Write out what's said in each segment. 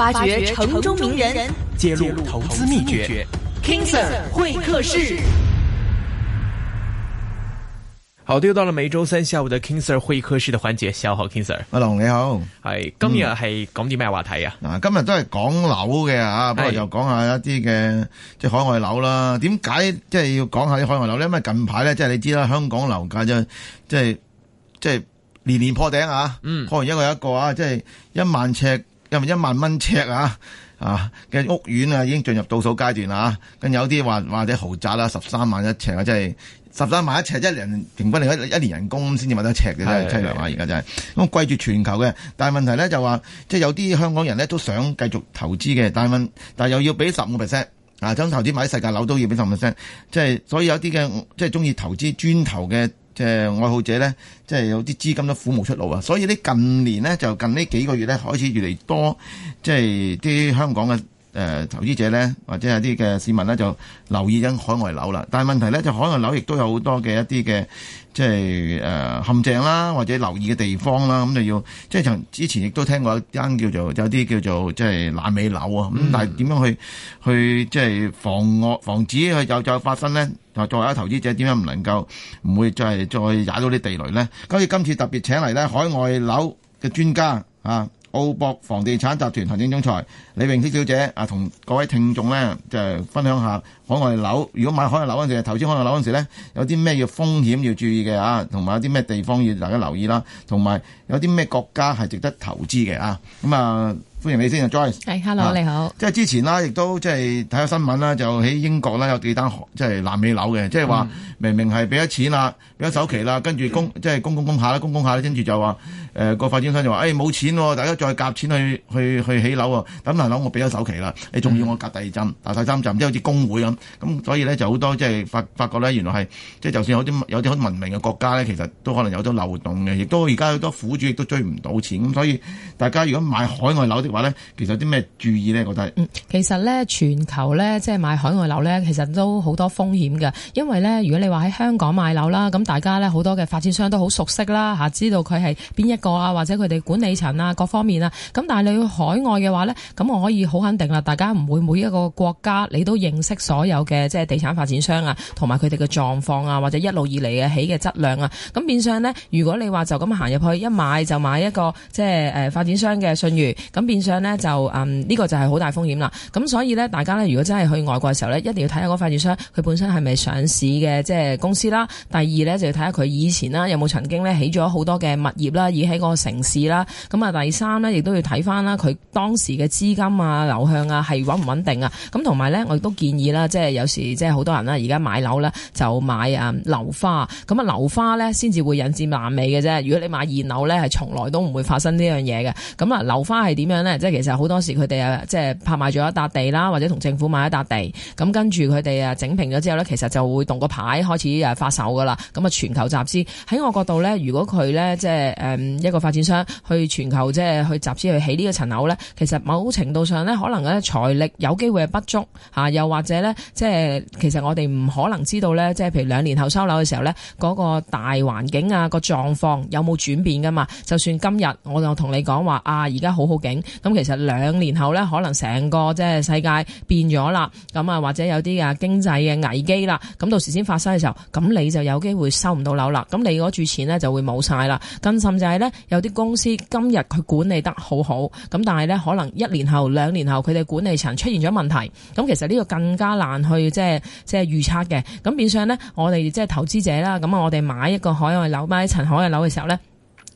發掘城中名人，揭露投資秘訣。King Sir 會客室，好，又到了每周三下午的 King Sir 會客室的環節，你好，King Sir。阿龍你好，係、哎、今日係講啲咩話題啊？嗱，今日都係講樓嘅啊，不過又講一下一啲嘅即係海外樓啦。點解即係要講一下啲海外樓咧？因為近排咧，即、就、係、是、你知啦，香港樓價即係即係年年破頂啊，可能、嗯、破完一個又一個啊，即、就、係、是、一萬尺。因為一萬蚊尺啊，啊嘅屋苑啊已經進入倒數階段啦、啊，咁有啲話或者豪宅啦、啊，十三萬一尺啊，即、就、係、是、十三萬一尺，一人平均嚟講一,一年人工先至買得一尺嘅真係淒涼啊！而家真係咁貴住全球嘅，但係問題咧就話即係有啲香港人咧都想繼續投資嘅，但問但係又要俾十五 percent 啊，將投資買世界樓都要俾十五 percent，即係所以有啲嘅即係鍾意投資磚頭嘅。即係愛好者咧，即係有啲資金都苦無出路啊！所以咧，近年咧，就近呢幾個月咧，開始越嚟越多，即係啲香港嘅。誒投資者呢，或者係一啲嘅市民呢，就留意緊海外樓啦。但係問題呢，就海外樓亦都有好多嘅一啲嘅，即係誒陷阱啦，或者留意嘅地方啦。咁就要即係之前亦都聽過一間叫做有啲叫做即係爛尾樓啊。咁、嗯、但係點樣去去即係防惡防止佢有再發生呢？啊，作為一投資者，點樣唔能夠唔會再係再踩到啲地雷呢？咁所以今次特別請嚟呢海外樓嘅專家啊！澳博房地產集團行政總裁李詠思小姐啊，同各位聽眾呢就是、分享一下海外樓，如果買海外樓嗰陣時候，投資海外樓嗰陣時候呢有啲咩要風險要注意嘅啊，同埋有啲咩地方要大家留意啦，同、啊、埋有啲咩國家係值得投資嘅啊，咁啊歡迎你先、Joyce、hey, hello，啊，Joyce, hello 你好。即係之前啦，亦都即係睇下新聞啦，就喺英國啦，有幾單即係南美樓嘅，即係話明明係俾咗錢啦，俾咗首期啦，跟住供即係供供下啦，供供下啦，跟住就話。誒、呃、個發展商就話：誒、哎、冇錢喎、哦，大家再夾錢去去去起樓、哦、等咁樓，樓我俾咗首期啦，你、哎、仲要我夾第二針、第第、嗯、三針，即係好似工會咁。咁、嗯、所以呢，就好多即係發發覺呢，原來係即係就算有啲有啲好文明嘅國家呢，其實都可能有咗漏洞嘅，亦都而家好多苦主亦都追唔到錢。咁、嗯、所以大家如果買海外樓的話呢，其實有啲咩注意呢？我覺得、嗯，其實呢，全球呢，即係買海外樓呢，其實都好多風險㗎，因為呢，如果你話喺香港買樓啦，咁大家呢，好多嘅發展商都好熟悉啦，嚇，知道佢係邊一個。啊或者佢哋管理層啊各方面啊咁，但係你去海外嘅話呢，咁我可以好肯定啦，大家唔會每一個國家你都認識所有嘅即係地產發展商啊，同埋佢哋嘅狀況啊，或者一路以嚟嘅起嘅質量啊，咁變相呢，如果你話就咁行入去一買就買一個即係誒、呃、發展商嘅信譽，咁變相呢，就呢、嗯，呢個就係好大風險啦。咁所以呢，大家呢，如果真係去外國嘅時候呢，一定要睇下嗰個發展商佢本身係咪上市嘅即係公司啦。第二呢，就要睇下佢以前啦有冇曾經呢起咗好多嘅物業啦喺個城市啦，咁啊第三咧，亦都要睇翻啦，佢當時嘅資金啊流向啊，係穩唔穩定啊？咁同埋咧，我亦都建議啦，即係有時即係好多人啦，而家買樓咧就買啊樓花，咁啊樓花咧先至會引致爛尾嘅啫。如果你買現樓咧，係從來都唔會發生樣呢樣嘢嘅。咁啊樓花係點樣咧？即係其實好多時佢哋啊，即係拍賣咗一笪地啦，或者同政府買一笪地，咁跟住佢哋啊整平咗之後咧，其實就會動個牌開始發售噶啦。咁啊全球集資喺我角度咧，如果佢咧即係誒一個發展商去全球即係去集資去起呢個層樓呢，其實某程度上呢，可能咧財力有機會係不足吓、啊，又或者呢，即係其實我哋唔可能知道呢。即係譬如兩年後收樓嘅時候呢，嗰、嗰個大環境啊、個狀況有冇轉變噶嘛？就算今日我就同你講話啊，而家好好景，咁其實兩年後呢，可能成個即係世界變咗啦，咁啊或者有啲啊經濟嘅危機啦，咁到時先發生嘅時候，咁你就有機會收唔到樓啦，咁你嗰注錢呢，就會冇晒啦，更甚就係、是、呢。有啲公司今日佢管理得好好，咁但係呢，可能一年後、兩年後佢哋管理層出現咗問題，咁其實呢個更加難去即係即係預測嘅。咁變相呢，我哋即係投資者啦，咁啊我哋買一個海外樓、買一層海外樓嘅時候呢。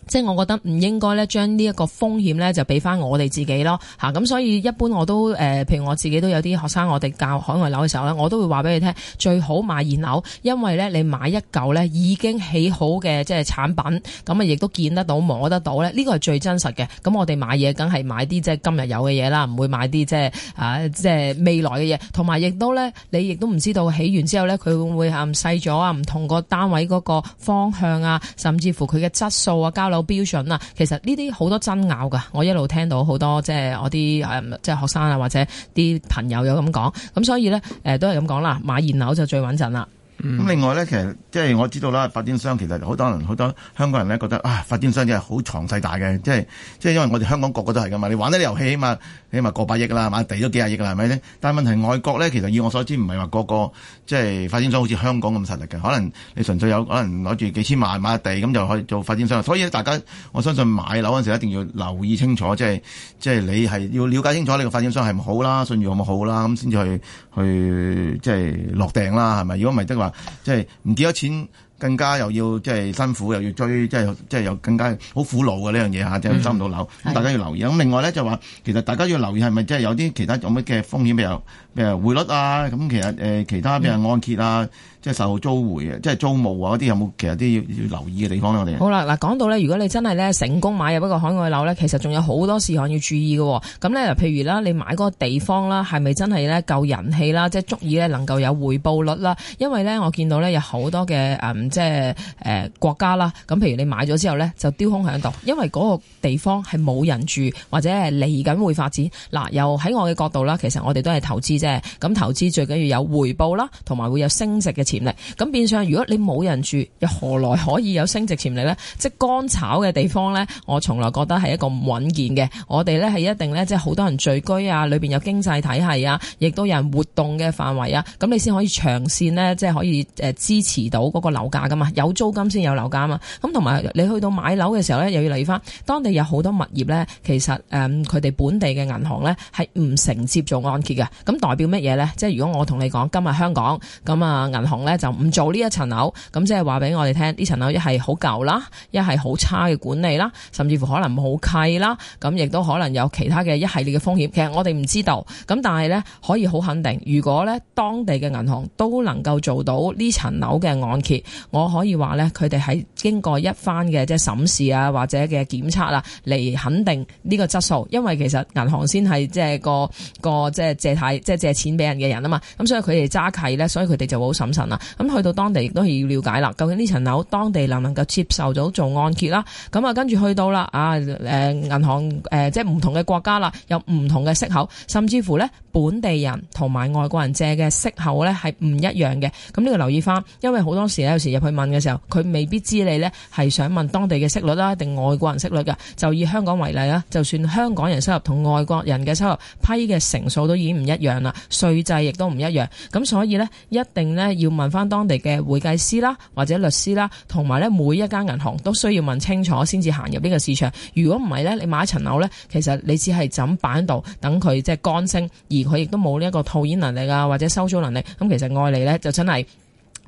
即係我覺得唔應該咧，將呢一個風險咧就俾翻我哋自己咯吓咁、嗯、所以一般我都、呃、譬如我自己都有啲學生，我哋教海外樓嘅時候咧，我都會話俾你聽，最好買現樓，因為咧你買一舊咧已經起好嘅即係產品，咁啊亦都見得到、摸得到咧，呢個係最真實嘅。咁我哋買嘢梗係買啲即係今日有嘅嘢啦，唔會買啲即係啊即係未來嘅嘢，同埋亦都咧你亦都唔知道起完之後咧佢會唔會啊細咗啊，唔同個單位嗰個方向啊，甚至乎佢嘅質素啊、交有標準啦，其實呢啲好多爭拗噶，我一路聽到好多即係我啲誒即係學生啊或者啲朋友有咁講，咁所以呢，誒都係咁講啦，買現樓就最穩陣啦。咁、嗯、另外咧，其實即係我知道啦，發展商其實好多人好多香港人咧覺得啊，發展商真係好藏勢大嘅，即係即係因為我哋香港個個都係噶嘛，你玩啲遊戲起碼起碼過百億啦，買地都幾廿億啦，係咪先？但係問題外國咧，其實以我所知唔係話個個即係發展商好似香港咁實力嘅，可能你純粹有可能攞住幾千萬買地咁就可以做發展商。所以大家我相信買樓嗰陣時一定要留意清楚，即係即係你係要了解清楚你個發展商係唔好啦，信譽有冇好啦，咁先至去去即係落訂啦，係咪？如果唔係嘅話。即係唔見咗錢，更加又要即係辛苦，又要追，即係即係又更加好苦惱嘅呢樣嘢吓，即係收唔到樓，咁、嗯、大家要留意。咁的另外咧，就話其實大家要留意係咪即係有啲其他有乜嘅風險，譬如譬如匯率啊，咁其實誒、呃、其他譬如按揭啊。嗯即係售後租回即係租務啊嗰啲有冇其實啲要要留意嘅地方咧？我哋好啦，嗱講到咧，如果你真係咧成功買入一個海外樓咧，其實仲有好多事項要注意嘅喎。咁咧，譬如啦，你買嗰個地方啦，係咪真係咧夠人氣啦？即係足以咧能夠有回報率啦。因為咧，我見到咧有好多嘅、嗯、即係、呃、國家啦。咁譬如你買咗之後咧，就丟空響度，因為嗰個地方係冇人住或者係嚟緊會發展。嗱、呃，又喺我嘅角度啦，其實我哋都係投資啫。咁投資最緊要有回報啦，同埋會有升值嘅潛力，咁變相，如果你冇人住，又何來可以有升值潛力呢？即乾炒嘅地方呢，我從來覺得係一個唔穩健嘅。我哋呢係一定呢，即係好多人聚居啊，裏邊有經濟體系啊，亦都有人活動嘅範圍啊，咁你先可以長線呢，即係可以誒支持到嗰個樓價噶嘛。有租金先有樓價啊嘛。咁同埋你去到買樓嘅時候呢，又要留意翻當地有好多物業呢，其實誒佢哋本地嘅銀行呢，係唔承接做按揭嘅。咁代表乜嘢呢？即係如果我同你講今日香港咁啊銀行。咧就唔做呢一層樓，咁即係話俾我哋聽，呢層樓一係好舊啦，一係好差嘅管理啦，甚至乎可能冇契啦，咁亦都可能有其他嘅一系列嘅風險。其實我哋唔知道，咁但係呢，可以好肯定，如果呢當地嘅銀行都能夠做到呢層樓嘅按揭，我可以話呢，佢哋係經過一番嘅即係審視啊或者嘅檢測啊嚟，肯定呢個質素，因為其實銀行先係即係個個即係借貸即係借錢俾人嘅人啊嘛，咁所以佢哋揸契呢，所以佢哋就會好審慎啦。咁去到當地亦都係要了解啦，究竟呢層樓當地能唔能夠接受到做按揭啦？咁啊跟住去到啦啊銀行、呃、即係唔同嘅國家啦，有唔同嘅息口，甚至乎咧本地人同埋外國人借嘅息口咧係唔一樣嘅。咁呢個留意返，因為好多時咧，有時入去問嘅時候，佢未必知你咧係想問當地嘅息率啦，定外國人息率嘅。就以香港為例啦，就算香港人收入同外國人嘅收入批嘅成數都已經唔一樣啦，稅制亦都唔一樣。咁所以咧，一定咧要。問翻當地嘅會計師啦，或者律師啦，同埋咧，每一間銀行都需要問清楚先至行入呢個市場。如果唔係咧，你買一層樓呢，其實你只係枕板度等佢即係乾升，而佢亦都冇呢一個套現能力啊，或者收租能力。咁其實愛嚟呢，就真係。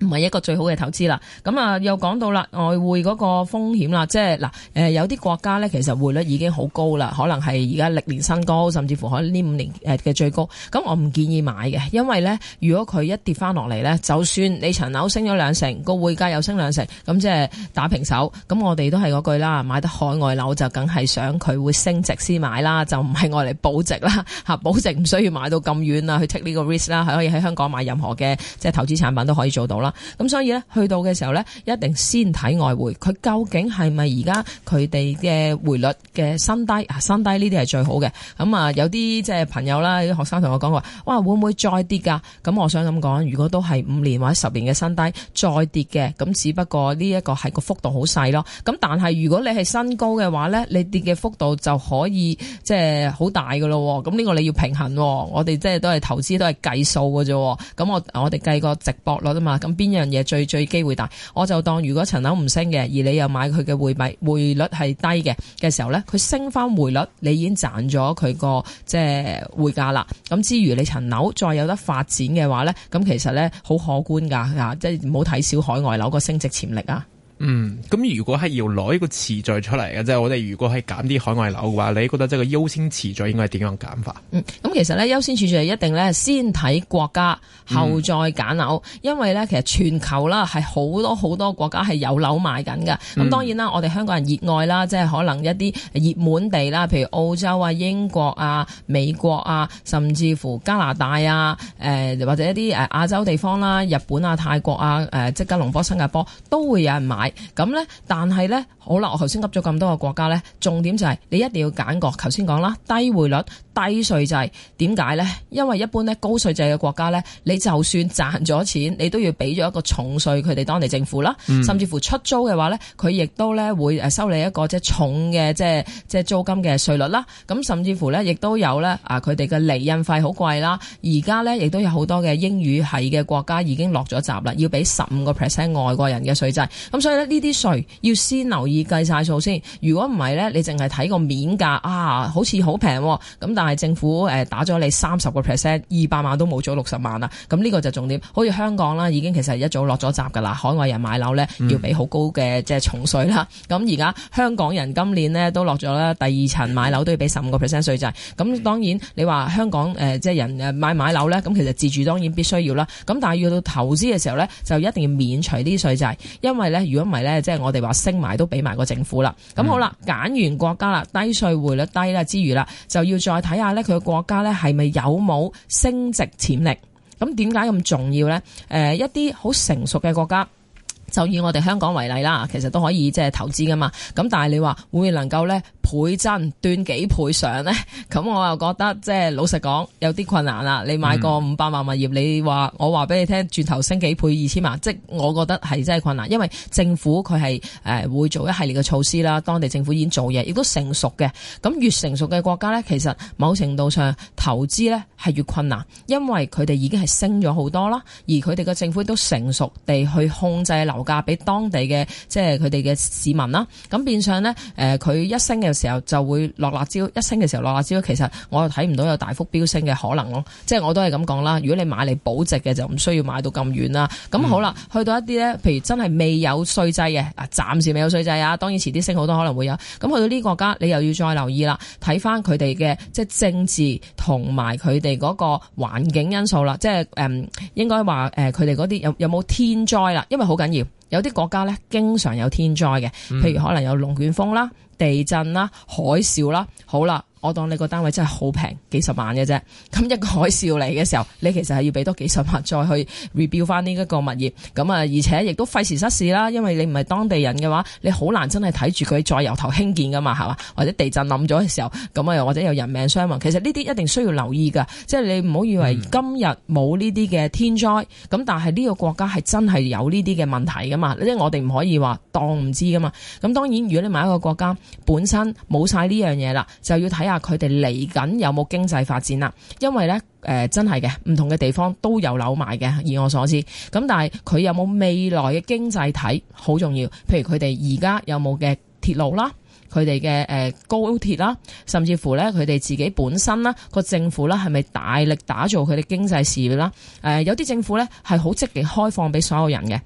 唔係一個最好嘅投資啦。咁啊，又講到啦，外匯嗰個風險啦，即係嗱，有啲國家呢，其實匯率已經好高啦，可能係而家歷年新高，甚至乎可能呢五年嘅最高。咁我唔建議買嘅，因為呢，如果佢一跌翻落嚟呢，就算你層樓升咗兩成，個匯價又升兩成，咁即係打平手。咁我哋都係嗰句啦，買得海外樓就梗係想佢會升值先買啦，就唔係外嚟保值啦吓。保值唔需要買到咁遠啦，去 take 呢個 risk 啦，係可以喺香港買任何嘅即係投資產品都可以做到啦。咁所以咧，去到嘅時候咧，一定先睇外匯，佢究竟係咪而家佢哋嘅匯率嘅新低啊？新低呢啲係最好嘅。咁啊，有啲即係朋友啦，啲學生同我講話，哇，會唔會再跌噶？咁我想咁講，如果都係五年或者十年嘅新低再跌嘅，咁只不過呢一個係個幅度好細咯。咁但係如果你係新高嘅話咧，你跌嘅幅度就可以即係好大噶咯。咁呢個你要平衡，我哋即係都係投資都係計數嘅啫。咁我我哋計個值博率啫嘛。咁邊樣嘢最最機會大？我就當如果層樓唔升嘅，而你又買佢嘅匯幣匯率係低嘅嘅時候呢，佢升翻匯率，你已經賺咗佢個即係匯價啦。咁之餘，你層樓再有得發展嘅話呢，咁其實呢，好可觀㗎嚇，即係唔好睇小海外樓個升值潛力啊！嗯，咁如果係要攞呢個次序出嚟嘅，即、就、係、是，我哋如果係揀啲海外樓嘅話，你覺得即係個優先次序應該係點樣揀法？嗯，咁其實咧優先次序係一定咧先睇國家，後再揀樓，嗯、因為咧其實全球啦係好多好多國家係有樓買緊㗎。咁、嗯、當然啦，我哋香港人熱愛啦，即係可能一啲熱門地啦，譬如澳洲啊、英國啊、美國啊，甚至乎加拿大啊，誒、呃、或者一啲誒亞洲地方啦，日本啊、泰國啊，誒、呃、即係吉隆坡、新加坡都會有人買。咁咧，但係咧，好啦，我頭先噏咗咁多個國家咧，重點就係、是、你一定要揀國。頭先講啦，低匯率、低稅制，點解咧？因為一般咧高稅制嘅國家咧，你就算賺咗錢，你都要俾咗一個重稅佢哋當地政府啦，嗯、甚至乎出租嘅話咧，佢亦都咧會誒收你一個即係重嘅即係即係租金嘅稅率啦。咁甚至乎咧亦都有咧啊，佢哋嘅利潤費好貴啦。而家咧亦都有好多嘅英語系嘅國家已經落咗閘啦，要俾十五個 percent 外國人嘅稅制。咁所以。呢啲稅要先留意計晒數先，如果唔係呢，你淨係睇個面價啊，好似好平咁，但係政府誒打咗你三十個 percent，二百萬都冇咗六十萬啦。咁呢個就重點。好似香港啦，已經其實一早落咗閘噶啦，海外人買樓呢，要俾好高嘅即係重稅啦。咁而家香港人今年呢都落咗啦，第二層買樓都要俾十五個 percent 稅制。咁當然你話香港誒、呃、即係人誒買買樓咧，咁其實自住當然必須要啦。咁但係要到投資嘅時候呢，就一定要免除啲稅制，因為呢，如果因為咧，即係我哋話升埋都俾埋個政府啦。咁好啦，揀完國家啦，低稅匯率低啦之餘啦，就要再睇下咧佢國家咧係咪有冇升值潛力？咁點解咁重要呢？誒、呃，一啲好成熟嘅國家。就以我哋香港為例啦，其實都可以即係投資噶嘛。咁但係你話會唔會能夠咧倍增、端幾倍上咧？咁我又覺得即係老實講有啲困難啦。你買個五百萬物業，你話我話俾你聽，轉頭升幾倍二千萬，即係我覺得係真係困難，因為政府佢係誒會做一系列嘅措施啦。當地政府已經做嘢，亦都成熟嘅。咁越成熟嘅國家咧，其實某程度上投資咧係越困難，因為佢哋已經係升咗好多啦，而佢哋嘅政府都成熟地去控制樓價俾當地嘅即係佢哋嘅市民啦，咁變相呢，誒、呃、佢一升嘅時候就會落辣招，一升嘅時候落辣招。其實我又睇唔到有大幅飆升嘅可能咯，即係我都係咁講啦。如果你買嚟保值嘅，就唔需要買到咁遠啦。咁好啦，嗯、去到一啲呢，譬如真係未有稅制嘅，啊暫時未有稅制啊，當然遲啲升好多可能會有。咁去到呢個國家，你又要再留意啦，睇返佢哋嘅即係政治同埋佢哋嗰個環境因素啦，即係誒、嗯、應該話誒佢哋嗰啲有有冇天災啦，因為好緊要。有啲國家咧，經常有天災嘅，譬如可能有龍捲風啦、地震啦、海嘯啦，好啦。我當你個單位真係好平，幾十萬嘅啫。咁一個海嘯嚟嘅時候，你其實係要俾多幾十萬再去 rebuild 翻呢一個物業。咁啊，而且亦都費事失事啦。因為你唔係當地人嘅話，你好難真係睇住佢再由頭興建噶嘛，係嘛？或者地震冧咗嘅時候，咁啊又或者有人命傷亡。其實呢啲一定需要留意噶，即係你唔好以為今日冇呢啲嘅天災，咁，嗯，但係呢個國家係真係有呢啲嘅問題噶嘛？即係我哋唔可以話當唔知噶嘛。咁當然，如果你買一個國家本身冇晒呢樣嘢啦，就要睇。睇下佢哋嚟緊有冇經濟發展啦，因為呢，誒、呃，真係嘅，唔同嘅地方都有樓賣嘅，以我所知。咁但係佢有冇未來嘅經濟體好重要，譬如佢哋而家有冇嘅鐵路啦，佢哋嘅誒高鐵啦，甚至乎呢，佢哋自己本身啦個政府啦係咪大力打造佢哋經濟事業啦？誒、呃，有啲政府呢，係好積極開放俾所有人嘅。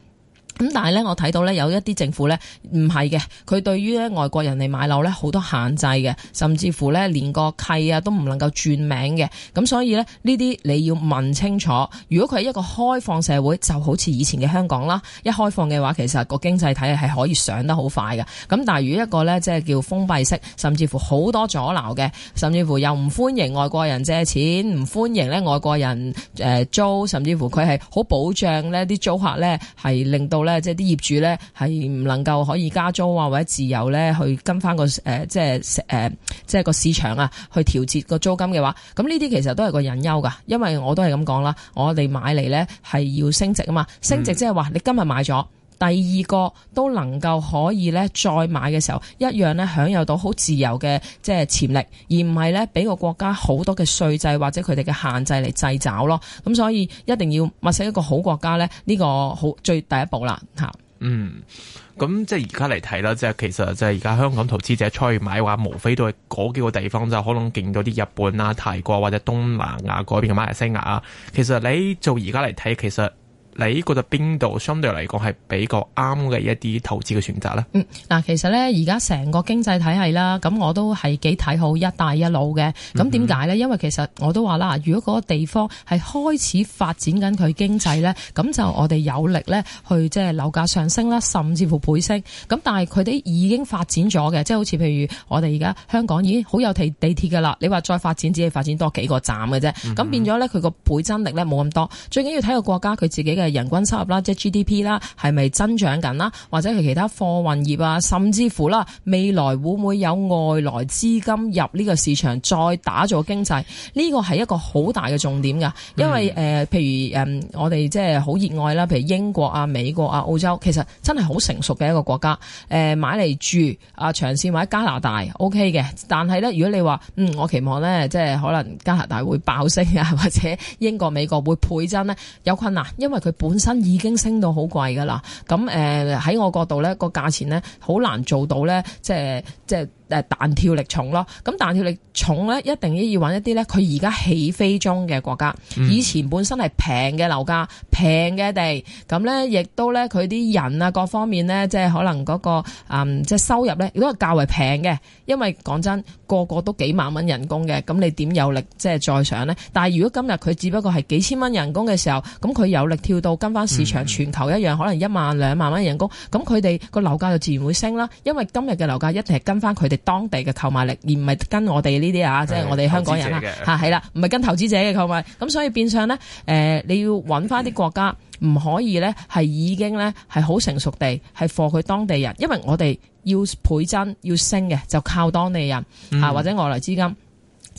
咁但係咧，我睇到咧有一啲政府咧唔係嘅，佢對於咧外國人嚟買樓咧好多限制嘅，甚至乎咧連個契啊都唔能夠轉名嘅。咁所以咧呢啲你要問清楚。如果佢係一個開放社會，就好似以前嘅香港啦，一開放嘅話，其實個經濟體係可以上得好快嘅。咁但係如果一個咧即係叫封閉式，甚至乎好多阻撓嘅，甚至乎又唔歡迎外國人借錢，唔歡迎咧外國人誒租，甚至乎佢係好保障呢啲租客咧係令到咧。即係啲業主咧係唔能夠可以加租啊，或者自由咧去跟翻個誒、呃，即係誒、呃，即係個市場啊去調節個租金嘅話，咁呢啲其實都係個隱憂噶。因為我都係咁講啦，我哋買嚟咧係要升值啊嘛，升值即係話你今日買咗。嗯第二個都能夠可以咧再買嘅時候，一樣咧享有到好自由嘅即係潛力，而唔係咧俾個國家好多嘅稅制或者佢哋嘅限制嚟掣肘咯。咁所以一定要擘寫一個好國家咧呢、呢個好最第一步啦吓，嗯，咁即係而家嚟睇啦，即係其實就係而家香港投資者出去買嘅話，無非都係嗰幾個地方就可能勁到啲日本啊、泰國或者東南亞嗰邊嘅馬來西亞啊。其實你做而家嚟睇，其實。你覺得邊度相對嚟講係比較啱嘅一啲投資嘅選擇呢？嗯，嗱，其實呢，而家成個經濟體系啦，咁我都係幾睇好一帶一路嘅。咁點解呢？因為其實我都話啦，如果嗰個地方係開始發展緊佢經濟呢，咁就我哋有力呢去即係樓價上升啦，甚至乎倍升。咁但係佢哋已經發展咗嘅，即係好似譬如我哋而家香港已經好有地地鐵㗎喇。你話再發展只係發展多幾個站嘅啫，咁、嗯、哼變咗呢，佢個倍增力呢，冇咁多。最緊要睇個國家佢自己嘅。人均收入啦，即係 GDP 啦，係咪增長緊啦？或者佢其他貨運業啊，甚至乎啦，未來會唔會有外來資金入呢個市場再打造經濟，呢個係一個好大嘅重點㗎。因為誒、嗯、譬如誒我哋即係好熱愛啦，譬如英國啊、美國啊、澳洲，其實真係好成熟嘅一個國家。誒買嚟住啊，長線或者加拿大 OK 嘅。但係咧，如果你話嗯，我期望咧，即係可能加拿大會爆升啊，或者英國美國會倍增咧，有困難，因為佢。本身已經升到好貴㗎啦，咁誒喺我角度咧，個價錢咧好難做到咧，即係即係。誒彈跳力重咯，咁彈跳力重咧，一定要搵一啲咧，佢而家起飛中嘅國家，嗯、以前本身係平嘅樓價、平嘅地，咁咧亦都咧佢啲人啊各方面咧，即係可能嗰、那個、嗯、即係收入咧，亦都係較為平嘅，因為講真，個個都幾萬蚊人工嘅，咁你點有力即係再上咧？但係如果今日佢只不過係幾千蚊人工嘅時候，咁佢有力跳到跟翻市場全球一樣，可能一萬兩萬蚊人工，咁佢哋個樓價就自然會升啦，因為今日嘅樓價一定係跟翻佢哋。當地嘅購買力，而唔係跟我哋呢啲啊，即係的我哋香港人啦嚇，係啦，唔係跟投資者嘅購買，咁所以變相咧，誒、呃、你要揾翻啲國家，唔可以咧係已經咧係好成熟地係 for 佢當地人，因為我哋要倍增要升嘅，就靠當地人啊、嗯、或者外來資金。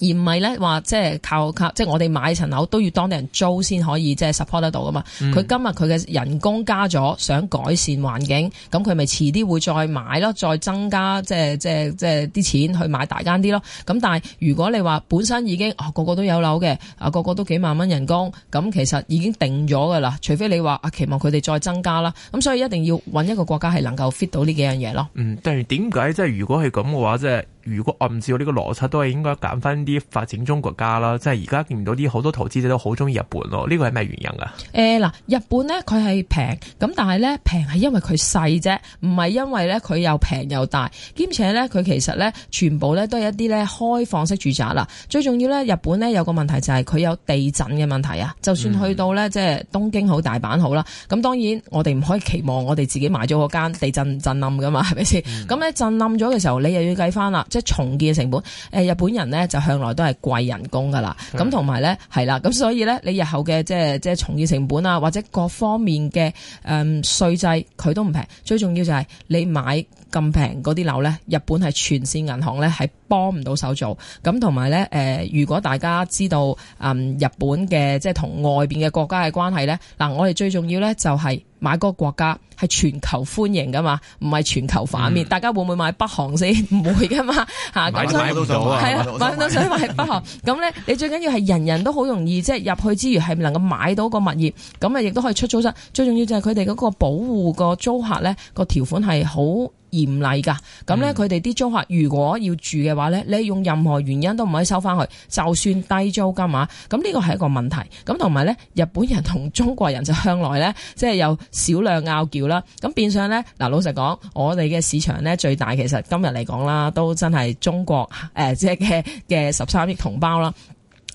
而唔係咧話，即係靠靠即係我哋買層樓都要當地人租先可以、嗯，即係 support 得到噶嘛？佢今日佢嘅人工加咗，想改善環境，咁佢咪遲啲會再買咯，再增加即係即係即係啲錢去買大間啲咯。咁但係如果你話本身已經啊、哦、個個都有樓嘅啊，個個都幾萬蚊人工，咁其實已經定咗噶啦。除非你話啊，期望佢哋再增加啦，咁所以一定要搵一個國家係能夠 fit 到呢幾樣嘢咯。嗯，但係點解即係如果係咁嘅話，即係？如果按照呢個邏輯，都係應該揀翻啲發展中國,國家啦。即係而家見唔到啲好多投資者都好中意日本咯。呢個係咩原因啊？嗱、欸，日本呢，佢係平咁，但係呢，平係因為佢細啫，唔係因為呢，佢又平又大，兼且呢，佢其實呢，全部呢，都係一啲呢開放式住宅啦。最重要呢，日本呢，有個問題就係、係、佢有地震嘅問題啊。就算去到呢，嗯、即係東京好、大阪好啦，咁當然我哋唔可以期望我哋自己買咗嗰間地震震冧噶嘛，係咪先？咁呢、嗯、震冧咗嘅時候，你又要計翻啦。即係重建成本，誒日本人咧就向來都係貴人工㗎啦，咁同埋咧係啦，咁所以咧你日後嘅即係即係重建成本啊，或者各方面嘅誒稅制佢都唔平，最重要就係你買。咁平嗰啲樓咧，日本係全線銀行咧係幫唔到手做。咁同埋咧，誒，如果大家知道，嗯，日本嘅即係同外邊嘅國家嘅關係咧，嗱，我哋最重要咧就係買個國家係全球歡迎噶嘛，唔係全球反面。嗯，大家會唔會買北韓先？唔 會噶嘛，嚇。 買到咗，係啊，買到想買北韓。咁咧， 你最緊要係人人都好容易，即係入去之餘係能夠買到個物業，咁啊，亦都可以出租室。最重要就係佢哋嗰個保護個租客咧，個條款係好，嚴厲噶，咁咧佢哋啲租客如果要住嘅話咧，嗯、你用任何原因都唔可以收翻去，就算低租金啊，咁呢個係一個問題。咁同埋咧，日本人同中國人就向來咧，即係有少量拗撬啦。咁變相咧，嗱，老實講，我哋嘅市場咧最大，其實今日嚟講啦，都真係中國誒，即係嘅嘅十三億同胞啦。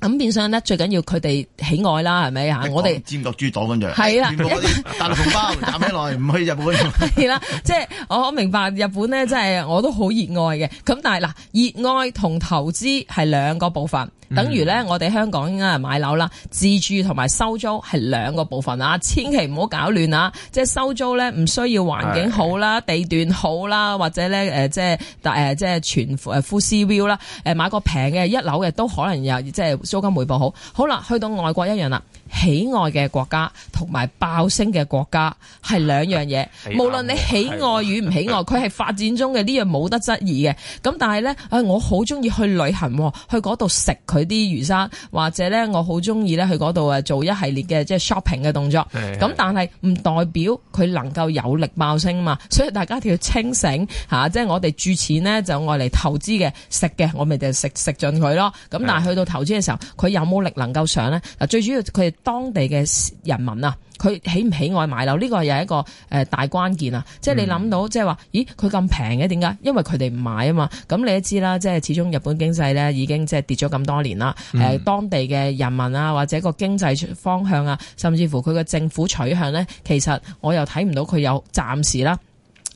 咁變相呢，最緊要佢哋喜愛啦，係咪啊？我哋尖角豬黨咁樣，係啦、啊，欸、全部嗰啲大陸同胞站起來，唔去日本。係啦、 啊，即係我好明白日本呢，真係我都好熱愛嘅。咁但係嗱，熱愛同投資係兩個部分。嗯、等於咧，我哋香港應該係買樓啦，自住同埋收租係兩個部分啊，千祈唔好搞亂啊！即係收租咧，唔需要環境好啦、地段好啦，或者咧誒，即係大誒，即、呃、係、呃、全誒 full view 啦，誒、呃呃、買個平嘅一樓嘅都可能有，即係租金回報好。好啦，去到外國一樣啦。喜愛嘅國家同埋爆升嘅國家係兩樣嘢， 無論你喜愛與唔喜愛，佢係 發展中嘅呢樣冇得質疑嘅。咁但係呢，誒、哎、我好中意去旅行，去嗰度食佢啲魚生，或者呢，我好中意呢，去嗰度做一系列嘅即係 shopping 嘅動作。咁 但係唔代表佢能夠有力爆升嘛？所以大家一定要清醒吓、啊，即係我哋注錢呢，就愛嚟投資嘅食嘅，我咪就食食盡佢咯。咁但係去到投資嘅時候，佢 有冇力能夠上呢？嗱，最主要佢。當地嘅人民啊，佢喜唔喜愛買樓？呢個又係一個誒大關鍵啊！嗯、即係你諗到，即係話，咦，佢咁平嘅點解？因為佢哋唔買啊嘛！咁你都知啦，即係始終日本經濟咧已經即係跌咗咁多年啦。誒，嗯、當地嘅人民啊，或者個經濟方向啊，甚至乎佢嘅政府取向咧，其實我又睇唔到佢有暫時啦。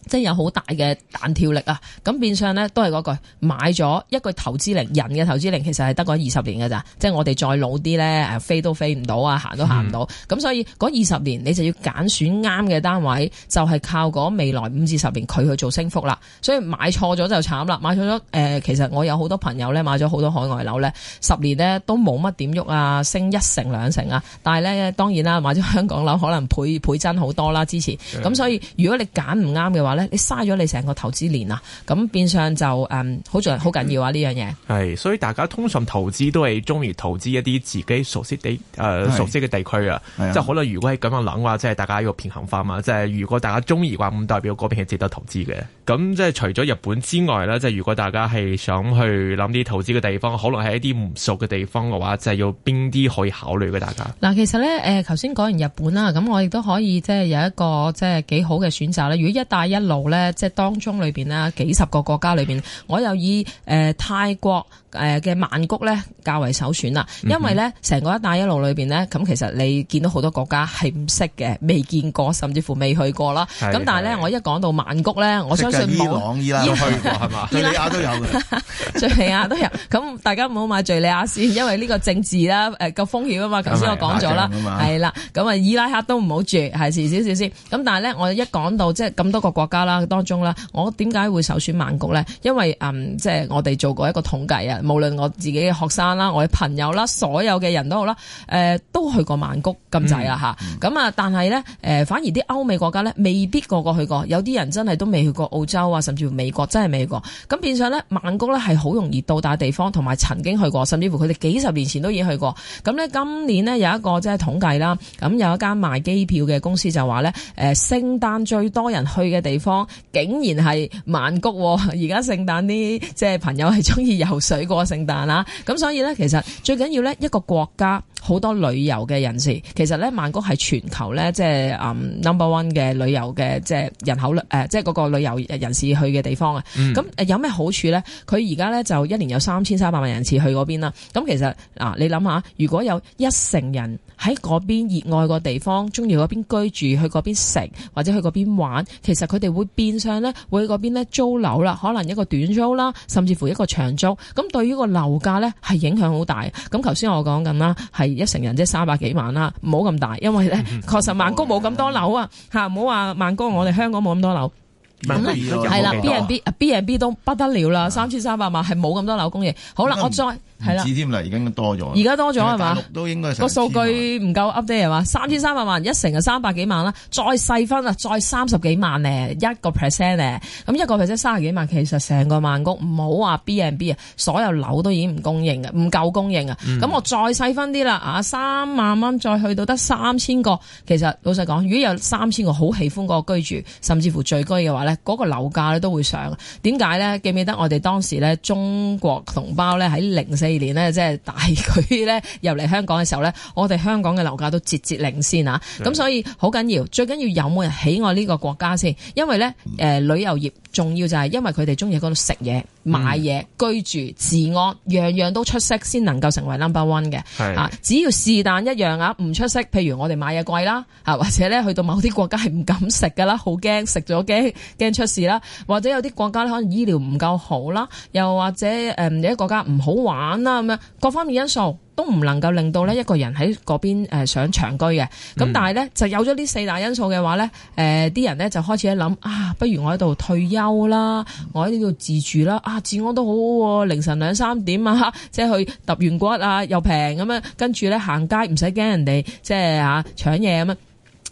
即係有好大嘅彈跳力啊！咁變相呢，都係嗰句買咗一個投資零人嘅投資零，其實係得嗰二十年嘅咋。即係我哋再老啲呢，誒飛都飛唔到啊，行都行唔到。咁、嗯、所以嗰二十年你就要揀選啱嘅單位，就係、是、靠嗰未來五至十年佢去做升幅啦。所以買錯咗就慘啦，買錯咗、呃、其實我有好多朋友呢，買咗好多海外樓呢，十年呢都冇乜點喐啊，升一成兩成啊。但係呢，當然啦，買咗香港樓可能倍倍增好多啦、啊。之前咁所以如果你揀唔啱嘅話，你嘥咗你成個投資鏈啊！咁變相就誒，好在好緊要啊呢樣嘢。係，所以大家通常投資都係中意投資一啲自己熟悉地誒，呃、是熟悉嘅地區啊。即係的可能如果係咁樣諗嘅話，即、就、係、是、大家要平衡返嘛。即、就、係、是、如果大家中意嘅話，唔代表嗰邊係值得投資嘅。咁即係除咗日本之外咧，即、就、係、是、如果大家係想去諗啲投資嘅地方，可能係一啲唔熟嘅地方嘅話，就係、是、要邊啲可以考慮嘅大家。嗱，其實咧誒，頭先講完日本啦，咁我亦都可以即係有一個即係幾好嘅選擇咧。如果一帶一帶路咧，即係當中裏邊咧，幾十個國家裏邊，我有以誒泰國。誒嘅曼谷咧較為首選啦，因為咧成個一帶一路裏邊咧，咁其實你見到好多國家係唔識嘅，未見過，甚至乎未去過啦。咁但係咧，我一講到曼谷咧，的我相信伊朗 吧敘利亞都有，敘利亞都有。咁大家唔好買敘利亞先，因為呢個政治啦誒個、呃、風險啊嘛。頭先我講咗啦，係啦。 咁啊伊拉克都唔好住，係遲少少先。咁但係咧，我一講到即係咁多個國家啦當中啦，我點解會首選曼谷咧？因為嗯，即係我哋做過一個統計啊。無論我自己嘅學生啦，我嘅朋友啦，所有嘅人都好啦、呃，都去過曼谷咁滯啦咁啊，嗯嗯、但係呢，反而啲歐美國家呢，未必個個去過，有啲人真係都未去過澳洲啊，甚至乎美國真係未去過。咁變相呢，曼谷呢係好容易到達地方，同埋曾經去過，甚至乎佢哋幾十年前都已經去過。咁呢，今年呢有一個即係統計啦，咁有一間賣機票嘅公司就話呢，誒聖誕最多人去嘅地方，竟然係曼谷。而家聖誕啲即係朋友係鍾意游水。個聖誕啦、啊，咁所以咧，其實最緊要咧，一個國家好多旅遊嘅人士，其實咧，曼谷係全球咧，即係誒 number one 嘅旅遊嘅即係人口誒，即係嗰個旅遊人士去嘅地方啊。咁、嗯、有咩好處咧？佢而家咧就一年有三千三百萬人次去嗰邊啊。咁其實嗱，你諗下，如果有一成人喺嗰邊熱愛個地方，中意嗰邊居住，去嗰邊食或者去嗰邊玩，其實佢哋會變相咧，會去嗰邊咧租樓啦，可能一個短租啦，甚至乎一個長租咁。對於個樓價咧係影響好大，咁頭先我講緊啦，係一成人即係、就是、三百幾萬啦，唔好咁大，因為咧確實曼谷冇咁多樓啊，吓唔好話曼谷，我哋香港冇咁多樓，係啦，B and B B and B 都不得了啦，三千三百萬係冇咁多樓供應，好啦，我再。嗯係啦，已經而多咗，而家多咗係嘛？都應該成個數據唔夠 update 係嘛？三千三百萬一成啊，三百幾萬啦，再細分啊，再三十幾萬咧一個 percent 咧，咁一個 percent 三十幾萬，其實成個萬屋唔好話 B and B 啊，所有樓都已經唔供應嘅，唔夠供應啊，咁、嗯、我再細分啲啦，啊三萬蚊再去到得三千個，其實老實講，如果有三千個好喜歡嗰個居住，甚至乎聚居嘅話咧，嗰、嗰個樓價咧都會上。點解咧？記唔記得我哋當時咧中國同胞咧喺零四？四年咧，即係大佢咧入嚟香港嘅時候咧，我哋香港嘅樓價都節節領先啊！咁是的 所以好緊要，最緊要有冇人喜愛呢個國家先，因為咧誒旅遊業。重要就係因為佢哋中意喺嗰度食嘢、買嘢、嗯、居住、治安，樣樣都出色，先能夠成為 number one 嘅。啊，係只要是但一樣啊，唔出色，譬如我哋買嘢貴啦，嚇，或者咧去到某啲國家係唔敢食噶啦㗎，好驚食咗驚驚出事啦，或者有啲國家可能醫療唔夠好啦，又或者誒，有啲國家唔好玩啦咁樣，各方面因素。都唔能夠令到咧一個人喺嗰邊誒想長居嘅，咁但係咧就有咗呢四大因素嘅話咧，誒啲、嗯呃、人咧就開始一諗啊，不如我喺度退休啦，我喺呢度自住啦，啊治安都好好，啊，凌晨兩三點啊，即係去揼完骨啊又平咁樣，跟住咧行街唔使驚人哋即係啊搶嘢咁樣。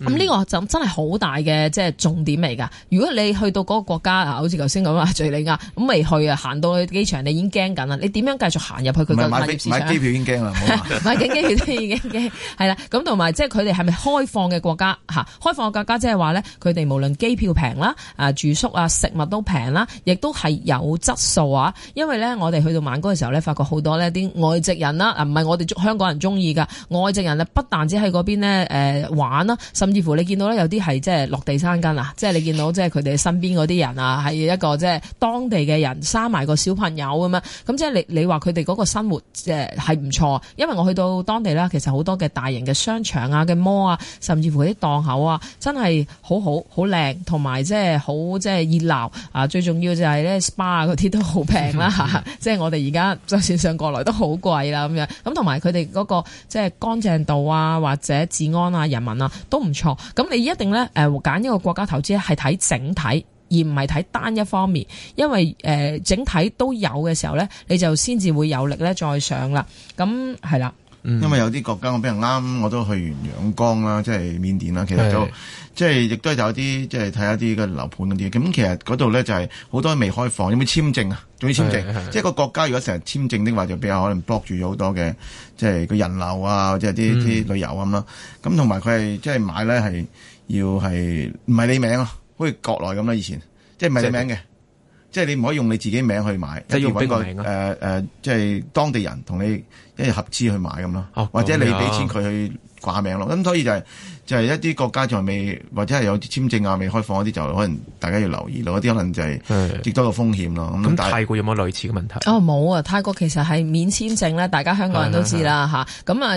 咁呢、嗯、個就真係好大嘅即係重點嚟㗎。如果你去到嗰個國家啊，好似頭先咁啊，敍利亞咁未去啊，行到去機場你已經驚緊啦。你點樣繼續行入去佢個？買機票已經驚啦， 買緊機票已經驚。係啦， 咁同埋即係佢哋係咪開放嘅國家？嚇，開放嘅國家即係話咧，佢哋無論機票平啦，啊住宿啊食物都平啦，亦都係有質素啊。因為咧，我哋去到曼谷嘅時候咧，發覺好多呢啲外籍人啦，唔係我哋香港人中意㗎，外籍人呢，不但止喺嗰邊咧誒玩啦，甚至乎你見到咧，有啲係即係落地生根啊！即係你見到即係佢哋身邊嗰啲人啊，係一個即係當地嘅人，生埋個小朋友咁樣，咁即係你你話佢哋嗰個生活即係唔錯，因為我去到當地啦，其實好多嘅大型嘅商場啊、嘅 mall 啊，甚至乎啲檔口啊，真係好好好靚同埋即係好即係熱鬧啊！最重要就係咧，spa 嗰啲都好平啦，即係我哋而家就算上過來都好貴啦咁樣咁同埋佢哋嗰個即係乾淨度啊，或者治安啊、人民啊都唔。錯，咁你一定呢，誒揀一個國家投資咧，係睇整體而唔係睇單一方面，因為誒、呃、整體都有嘅時候呢，你就先至會有力呢，再上啦，咁係啦。嗯、因為有啲國家我比較啱，我都去完陽江啦，即係緬甸啦，其實都，是即係亦都有啲即係睇下啲嘅樓盤啲。咁其實嗰度咧就係好多未開放，有冇簽證啊？仲要簽證，即係個國家如果成日簽證的話，就比較可能 block 住好多嘅，即係個人流啊，即係啲啲旅遊咁咯。咁同埋佢係即係買咧係要係唔係你名啊？好似國內咁啦，以前即係唔係你名嘅，即係你唔、就是、可以用你自己名去買，即係要揾個誒即係當地人同你。即係合資去買咁咯，或者你俾錢佢去掛名咯，咁、啊、所以就係、是、就係、是、一啲國家仲未或者係有簽證啊未開放嗰啲，就可能大家要留意咯，嗰啲可能就係極多個風險咯。咁的是泰國有冇類似嘅問題？哦，冇啊！泰國其實係免簽證咧，大家香港人都知啦吓，咁啊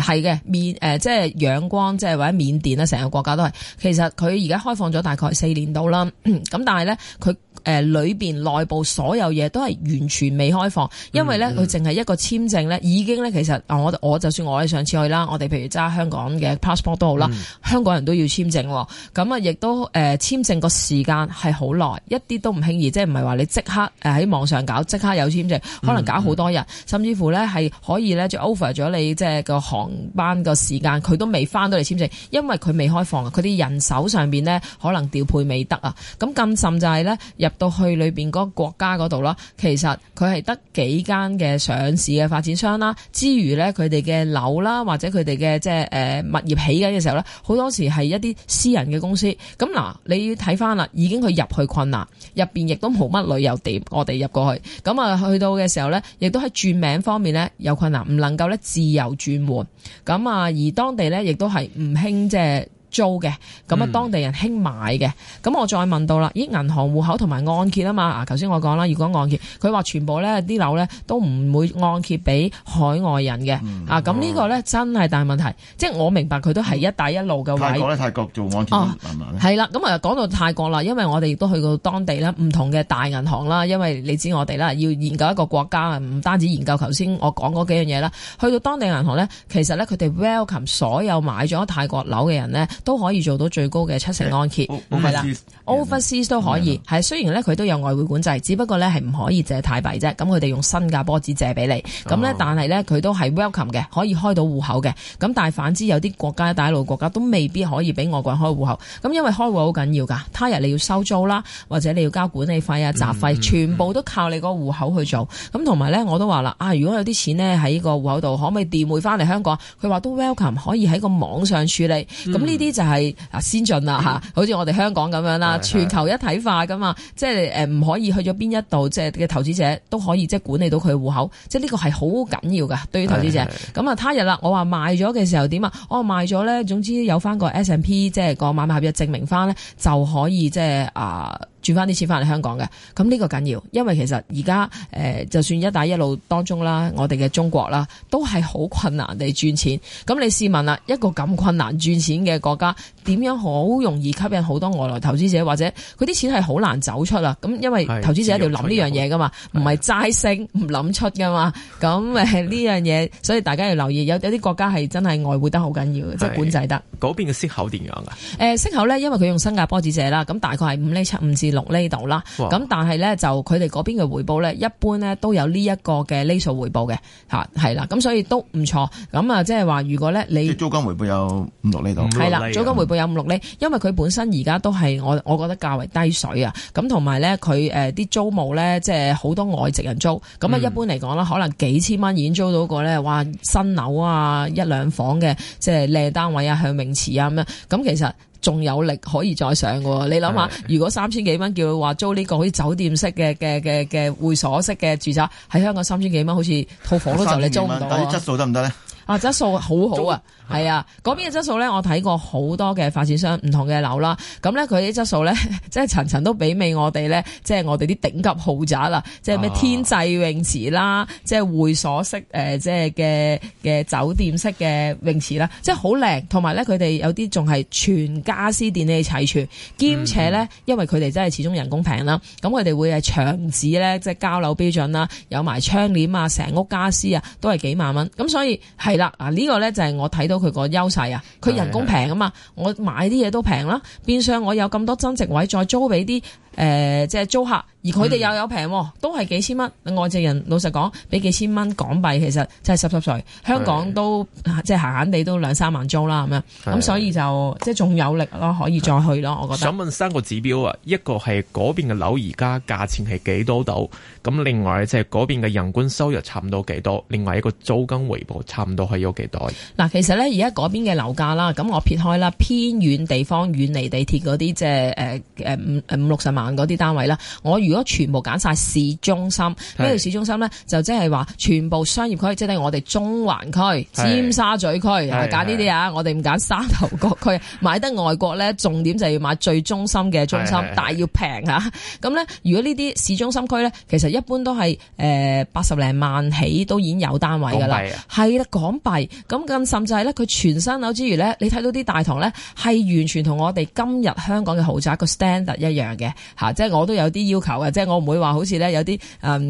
係嘅，免、呃呃、即係仰光，即係或者緬甸啊，成個國家都係。其實佢而家開放咗大概四年到啦。咁但係咧佢。誒裏面內部所有嘢都係完全未開放，因為咧佢淨係一個簽證咧，mm hmm. 已經咧其實我我就算我哋上次去啦，我哋譬如揸香港嘅 passport 都好啦，mm hmm. 香港人都要簽證喎，咁啊亦都、呃、簽證個時間係好耐，一啲都唔輕易，即係唔係話你即刻喺網上搞即刻有簽證，可能搞好多人，mm hmm. 甚至乎咧係可以咧就 over 咗你即係個航班個時間，佢都未翻到嚟簽證，因為佢未開放啊，佢啲人手上邊呢，可能調配未得啊，咁咁甚至就係咧入。到去裏邊嗰個國家嗰度啦，其實佢係得幾間嘅上市嘅發展商啦，之餘呢，佢哋嘅樓啦，或者佢哋嘅即係誒物業起緊嘅時候呢，好多時係一啲私人嘅公司。咁嗱，你睇翻啦，已經佢入去困難，入邊亦都冇乜旅遊點，我哋入過去。咁啊，去到嘅時候呢，亦都喺轉名方面呢，有困難，唔能夠呢自由轉換。咁啊，而當地呢，亦都係唔興即係。租嘅，咁啊當地人興買嘅，咁、嗯、我再問到啦，咦銀行戶口同埋按揭啊嘛，啊頭先我講啦，如果按揭，佢話全部咧啲樓咧都唔會按揭俾海外人嘅。嗯、啊咁呢個咧、啊、真係大問題，即係我明白佢都係一帶一路嘅位、嗯、泰國呢，泰國做按揭係咪咧？係啦、啊，咁啊講到泰國啦，因為我哋亦都去到當地啦，唔同嘅大銀行啦，因為你知我哋啦要研究一個國家啊，唔單止研究頭先我講嗰幾樣嘢啦，去到當地銀行咧，其實咧佢哋 welcome 所有買咗泰國樓嘅人咧。都可以做到最高嘅七成按揭，唔係啦，overseas 都可以係。嗯、雖然咧佢都有外匯管制，嗯、只不過咧係唔可以借泰幣啫。咁佢哋用新加坡紙借俾你，咁咧、哦、但係咧佢都係 welcome 嘅，可以開到戶口嘅。咁但係反之有啲國家大陸國家都未必可以俾外國人開戶口，咁因為開戶好緊要㗎。他日你要收租啦，或者你要交管理費啊、雜費，嗯、全部都靠你個戶口去做。咁同埋咧，我都話啦，啊如果有啲錢咧喺個戶口度，可唔可以電匯翻嚟香港？佢話都 welcome，可以喺個網上處理。咁呢啲。.就係啊先進啦吓，好似我哋香港咁樣啦，全球一體化噶嘛，即係誒唔可以去咗邊一度，即係嘅投資者都可以即係管理到佢戶口，即係呢個係好緊要噶，對於投資者。咁啊，他日啦，我話賣咗嘅時候點啊？我、哦、賣咗咧，總之有翻個 S&P 即係個買賣合約證明翻咧，就可以即係啊。呃轉翻啲錢翻嚟香港嘅，咁呢個緊要，因為其實而家、呃、就算一帶一路當中啦，我哋嘅中國啦，都係好困難地轉錢。咁你試問啦，一個咁困難轉錢嘅國家，點樣好容易吸引好多外來投資者？或者佢啲錢係好難走出啊？咁因為投資者一定要諗呢樣嘢噶嘛，唔係齋升，唔諗出噶嘛。咁呢樣嘢，所以大家要留意，有有啲國家係真係外匯得好緊要，的即係管制得。嗰邊嘅息口點樣噶？誒、呃、息口咧，因為佢用新加坡紙借啦，咁大概係五厘七五至六厘度啦，咁哇但係咧就佢哋嗰邊嘅回報咧，一般咧都有呢一個嘅厘數回報嘅，吓係啦，咁所以都唔錯，咁啊即係話如果咧你租金回報有五六厘度，係啦，的租金回報有五六厘，嗯、因為佢本身而家都係我我覺得較為低水啊，咁同埋咧佢誒啲租務咧即係好多外籍人租，咁啊一般嚟講啦，可能幾千蚊已經租到個咧哇新樓啊一兩房嘅即係靚單位啊向泳池啊咁樣，咁其實。仲有力可以再上㗎喎，你諗下，如果三千幾蚊叫佢話租呢個好似酒店式嘅嘅嘅嘅會所式嘅住宅，喺香港三千幾蚊好似套房都就你租唔到，但係啲質素得唔得咧？啊，質素好好啊，係啊，嗰、啊、邊嘅質素咧，我睇過好多嘅發展商唔同嘅樓啦，咁咧佢啲質素咧，即係層層都媲美我哋咧，即係我哋啲頂級豪宅啦，即係咩天際泳池啦，啊、即係會所式、呃、即係嘅嘅酒店式嘅泳池啦，即係好靚，同埋咧佢哋有啲仲係全家私電器齊全，兼且咧，因為佢哋真係始終人工平啦，咁佢哋會係牆紙咧，即係交樓標準啦，有埋窗簾啊，成屋家私啊，都係幾萬蚊，咁所以係係啦，啊，呢個咧就係我睇到佢個優勢啊，佢人工平啊嘛，我買啲嘢，都平啦，變相我有咁多增值位再租俾啲。誒，即係、呃就是、租客，而佢哋又有平、哦，嗯、都係幾千蚊。外籍人老實講，俾幾千蚊港幣，其實即係濕濕碎。香港都即係的閒閒哋都兩三萬租啦，咁樣的。咁、嗯、所以就即係仲有力咯，可以再去咯，的我覺得。想問三個指標啊，一個係嗰邊嘅樓而家價錢係幾多度？咁另外即係嗰邊嘅人均收入差唔多幾多？另外一個租金回報差唔多係有幾多？嗱，其實咧而家嗰邊嘅樓價啦，咁我撇開啦，偏遠地方遠離地鐵嗰啲，即係誒誒五誒五六十萬。啲單位啦，我如果全部揀晒市中心，咩叫是市中心咧？就即係話全部商業區，即係我哋中環區、是尖沙咀區，揀呢啲啊！選是我哋唔揀沙頭角區。 買得外國咧，重點就要買最中心嘅中心，是但係要平啊。咁咧，如果呢啲市中心區咧，其實一般都係誒八十零萬起都已經有單位㗎喇，係平港幣。咁咁甚至係咧，佢全新樓之餘咧，你睇到啲大堂咧，係完全同我哋今日香港嘅豪宅個 standard 一樣嘅。吓！即係我都有啲要求嘅，即係我唔會話好似咧有啲誒，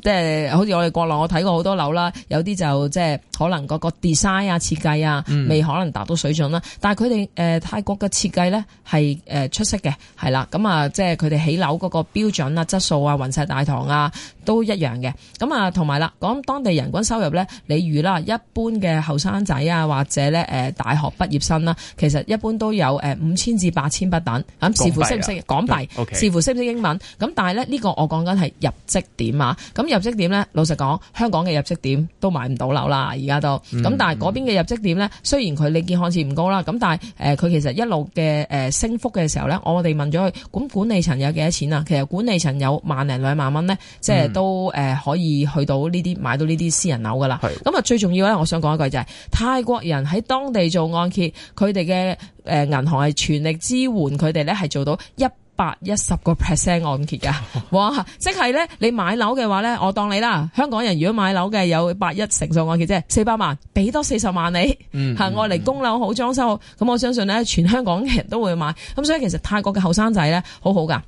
即係好似我哋國內我睇過好多樓啦，有啲就即係。可能嗰個 design 啊、設計啊，未可能達到水準啦。嗯、但佢哋誒泰國嘅設計呢係誒、呃、出色嘅，係啦。咁、嗯、啊、呃，即係佢哋起樓嗰個標準啊、質素啊、雲石大堂啊，都一樣嘅。咁、嗯、啊，同埋啦，講當地人均收入呢，例如啦，一般嘅後生仔啊，或者咧大學畢業生啦，其實一般都有誒五千至八千不等。咁、港幣、啊，視乎識唔識港幣，視、嗯 okay、乎識唔識英文。咁但係呢，呢個我講緊係入職點啊。咁入職點呢，老實講，香港嘅入職點都買唔到樓啦。而咁，嗯嗯、但係嗰邊嘅入職點咧，雖然佢李健看似唔高啦，咁但係誒佢其實一路嘅誒升幅嘅時候咧，我哋問咗佢，咁管理層有幾多錢啊？其實管理層有萬零兩萬蚊咧，即係都誒可以去到呢啲買到呢啲私人樓㗎啦。咁啊的最重要咧，我想講一句就係、是、泰國人喺當地做按揭，佢哋嘅誒銀行係全力支援佢哋咧，係做到一。百一十個 percent 按揭㗎，哇！即係咧，你買樓嘅話咧，我當你啦。香港人如果買樓嘅有百一成數按揭啫，四百萬俾多四十萬你，嚇外嚟供樓好裝修好。咁我相信咧，全香港嘅人都會買。咁所以其實泰國嘅後生仔咧，好好㗎。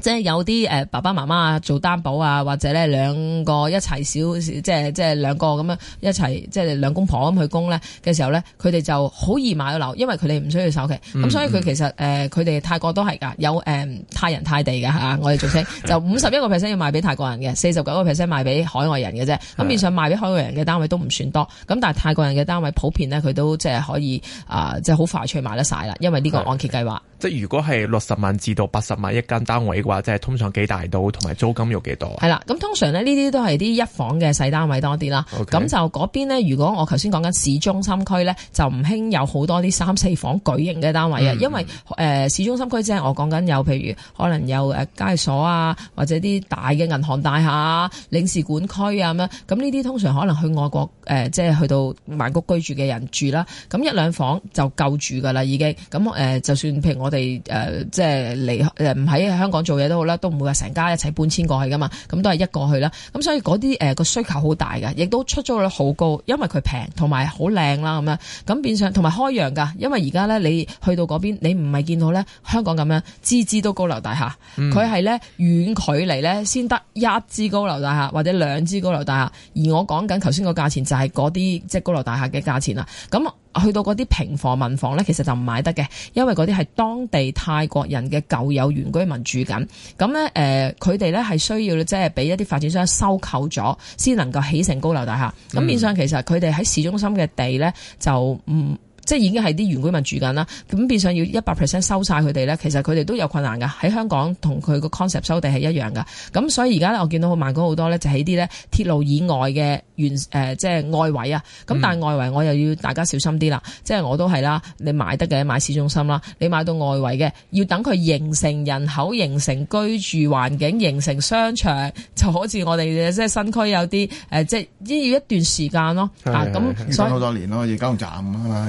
即係有啲誒、呃、爸爸媽媽啊做擔保啊，或者咧兩個一齊小，即係即係兩個咁樣一齊，即係兩公婆咁去供咧嘅時候咧，佢哋就好易買到樓，因為佢哋唔需要首期。咁、嗯嗯、所以佢其實誒佢哋泰國都係㗎，有誒、呃、泰人泰地嘅嚇， 我哋做聲就五十一個 percent 要賣俾泰國人嘅，四十九個 percent 賣俾海外人嘅啫。咁面上賣俾海外人嘅單位都唔算多，咁但係泰國人嘅單位普遍咧，佢都即係可以啊、呃，即係好快脆賣得晒啦，因為呢個按揭計劃。 即係如果係六十萬至到八十萬一間單位嘅話，即係通常幾大到，同埋租金有幾多，多？係啦，咁通常咧呢啲都係啲一,一房嘅細單位多啲啦。咁 Okay? 就嗰邊呢，如果我頭先講緊市中心區呢，就唔興有好多啲三四房巨型嘅單位嘅，嗯、因為、呃、市中心區即係我講緊有，譬如可能有誒街所啊，或者啲大嘅銀行大廈、領事館區啊咁樣。咁呢啲通常可能去外國、呃、即係去到曼谷居住嘅人住啦。咁一兩房就夠住㗎啦，已經。咁、呃、就算譬如我。我哋誒即係離誒唔喺香港做嘢都好啦，都唔會話成家一齊搬遷過去噶嘛，咁都係一個去啦。咁所以嗰啲誒個需求好大㗎，亦都出租率好高，因為佢平同埋好靚啦咁樣，咁變相同埋開揚噶，因為而家咧你去到嗰邊，你唔係見到咧香港咁樣支支都高樓大廈，佢係咧遠距離咧先得一支高樓大廈或者兩支高樓大廈。而我講緊頭先個價錢就係嗰啲即係高樓大廈嘅價錢啦。咁。去到嗰啲平房民房呢，其實就唔買得嘅，因為嗰啲係當地泰國人嘅舊有原居民住緊。咁呢，誒佢哋呢係需要即係俾一啲發展商收購咗，先能夠起成高樓大廈。咁變相其實佢哋喺市中心嘅地呢，就唔。嗯即係已經係啲原居民住緊啦，咁變相要一百 percent 收晒佢哋咧，其實佢哋都有困難噶。喺香港同佢個 concept 收地係一樣噶，咁所以而家咧我見到佢慢過好多咧，就喺啲咧鐵路以外嘅原誒、呃，即係外圍啊。咁但係外圍我又要大家小心啲啦，嗯、即係我都係啦。你買得嘅買市中心啦，你買到外圍嘅要等佢形成人口、形成居住環境、形成商場，就好似我哋即係新區有啲誒、呃，即係要一段時間咯，咁所以。好多年咯，交通站啊嘛，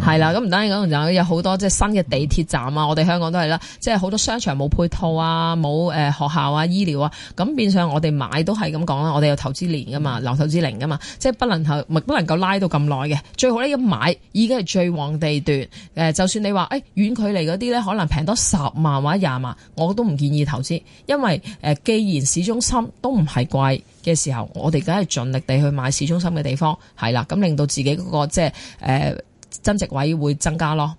係啦，咁唔單止嗰陣有好多即係新嘅地鐵站啊，我哋香港都係啦，即係好多商場冇配套啊，冇、呃、學校啊、醫療啊，咁變相我哋買都係咁講啦，我哋有投資年㗎嘛，流投資零㗎嘛，即、就、係、是、不能頭，唔不能夠拉到咁耐嘅。最好呢，一買已經係最旺地段。呃、就算你話誒、欸、遠距離嗰啲呢，可能平多十萬或者廿萬，我都唔建議投資，因為、呃、既然市中心都唔係貴嘅時候，我哋梗係盡力地去買市中心嘅地方，係啦，咁令到自己嗰、那個即係增值位會增加咯。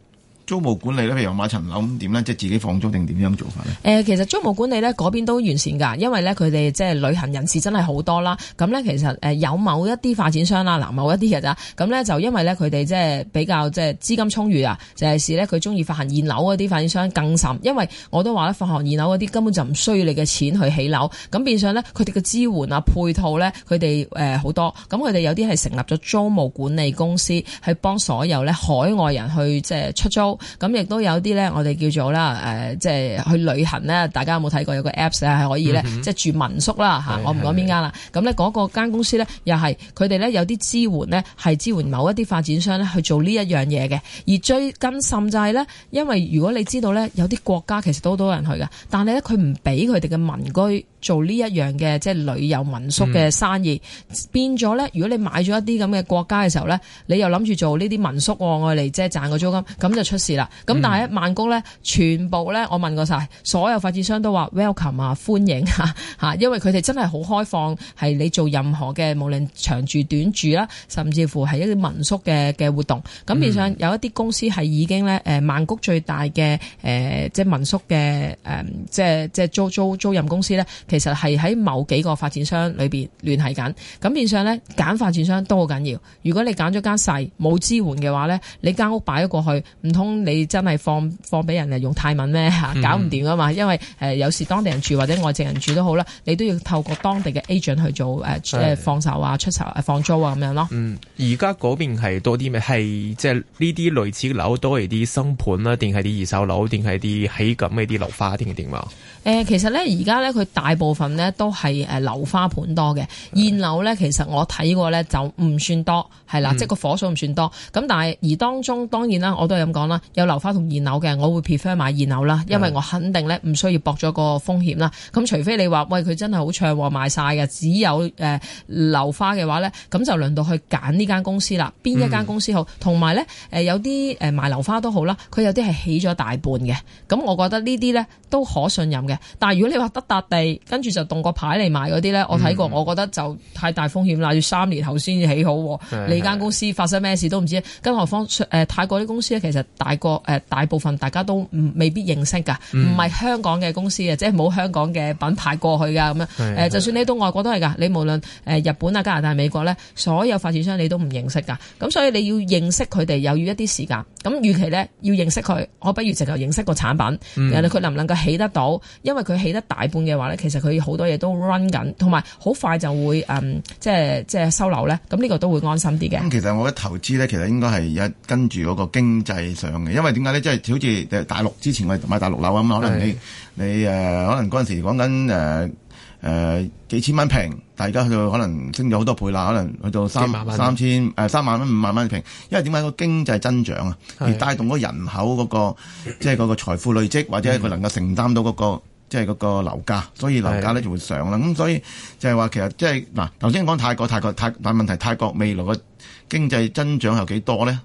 租務管理咧，譬如我買層樓咁點咧，即係自己放租定點樣做法咧？誒，其實租務管理咧嗰邊都完善噶，因為咧佢哋即係旅行人士真係好多啦。咁咧其實誒有某一啲發展商啦，嗱某一啲嘅咋，咁咧就因為咧佢哋即係比較即係資金充裕啊，就係是咧佢中意發行現樓嗰啲發展商更甚，因為我都話咧發行現樓嗰啲根本就唔需要你嘅錢去起樓，咁變相咧佢哋嘅支援啊配套咧佢哋誒好多，咁佢哋有啲係成立咗租務管理公司，去幫所有咧海外人去即係出租。咁亦都有啲咧，我哋叫做啦、呃，即係去旅行咧。大家有冇睇過有個 Apps 咧，係可以咧，即係、嗯、哼住民宿啦是我唔講邊間啦。咁咧，嗰個間公司咧，又係佢哋咧有啲支援咧，係支援某一啲發展商咧去做呢一樣嘢嘅。而追根尋底咧，因為如果你知道咧，有啲國家其實都好多人去嘅，但係咧佢唔俾佢哋嘅民居。做呢一樣嘅即係旅遊民宿嘅生意，嗯、變咗呢。如果你買咗一啲咁嘅國家嘅時候呢，你又諗住做呢啲民宿我嚟即係賺個租金，咁就出事啦。咁、嗯、但係曼谷呢，全部呢，我問過晒所有發展商都話 welcome 啊，歡迎嚇、啊、因為佢哋真係好開放，係你做任何嘅無論長住短住啦，甚至乎係一啲民宿嘅嘅活動。咁、嗯、變相有一啲公司係已經呢、呃、曼谷最大嘅、呃、即係民宿嘅、呃、即係即租租租賃公司呢。其實係喺某幾個發展商裏邊聯繫緊，咁變相咧揀發展商都好緊要。如果你揀咗間細冇支援嘅話咧，你間屋擺咗過去，唔通你真係放放俾人嚟用泰文咩嚇？ 搞唔掂啊嘛！因為誒、呃、有時當地人住或者外籍人住都好啦，你都要透過當地嘅 agent 去做誒誒放手啊出售誒放租啊咁樣咯。嗯、呃，而家嗰邊係多啲咩？係即係呢啲類似樓多係啲新盤啦，定係啲二手樓，定係啲起緊嘅啲樓花定係點呀？誒、呃，其實咧而家咧佢大部分咧都係誒樓花盤多嘅，現、嗯、樓咧其實我睇過咧就唔算多，係啦，嗯、即係個火數唔算多。咁但係而當中當然啦，我都係咁講啦，有樓花同現樓嘅，我會 prefer 買現樓啦，因為我肯定咧唔需要搏咗個風險啦。咁除非你話喂佢真係好暢旺賣晒嘅，只有誒樓、呃、花嘅話咧，咁就輪到去揀呢間公司啦，邊一間公司好。同埋咧誒有啲誒賣樓花都好啦，佢有啲係起咗大半嘅，咁我覺得呢啲咧都可信任嘅。但係如果你話得笪地，跟住就動個牌嚟賣嗰啲咧，我睇過，嗯、我覺得就太大風險啦。要三年後先至起好，是是你間公司發生咩事都唔知，更何況誒、呃、泰國啲公司咧，其實大個誒、呃、大部分大家都未必認識㗎，唔係、嗯、香港嘅公司嘅，即係冇香港嘅品牌過去㗎咁樣。誒、呃，就算你到外國都係㗎，你無論誒日本啊、呃、加拿大、美國咧，所有發展商你都唔認識㗎。咁所以你要認識佢哋，又要一啲時間。咁與其咧要認識佢，我不如直頭認識個產品，然後佢能唔能夠起得到？因為佢起得大半嘅話咧，其實佢好多嘢都 run 緊，同埋好快就會誒、嗯，即係即係收樓咧。咁呢個都會安心啲嘅。咁其實我覺得投資咧，其實應該係而家跟住嗰個經濟上嘅，因為點解咧？即、就、係、是、好似大陸之前我係買大陸樓咁，可能你是你誒、呃、可能嗰陣時講緊誒幾幾千蚊平，大家去到可能升咗好多倍啦，可能去到三三千誒三、呃、萬蚊五萬蚊平。因為點解個經濟增長啊，是而帶動嗰人口嗰、那個即係嗰個財富累積，或者佢能夠承擔到嗰、那個。嗯即係嗰個樓價，所以樓價咧就會上啦。咁是的 所以就係話其實即係嗱，頭先講泰國，泰國泰但問題泰國未來嘅經濟增長有幾多咧？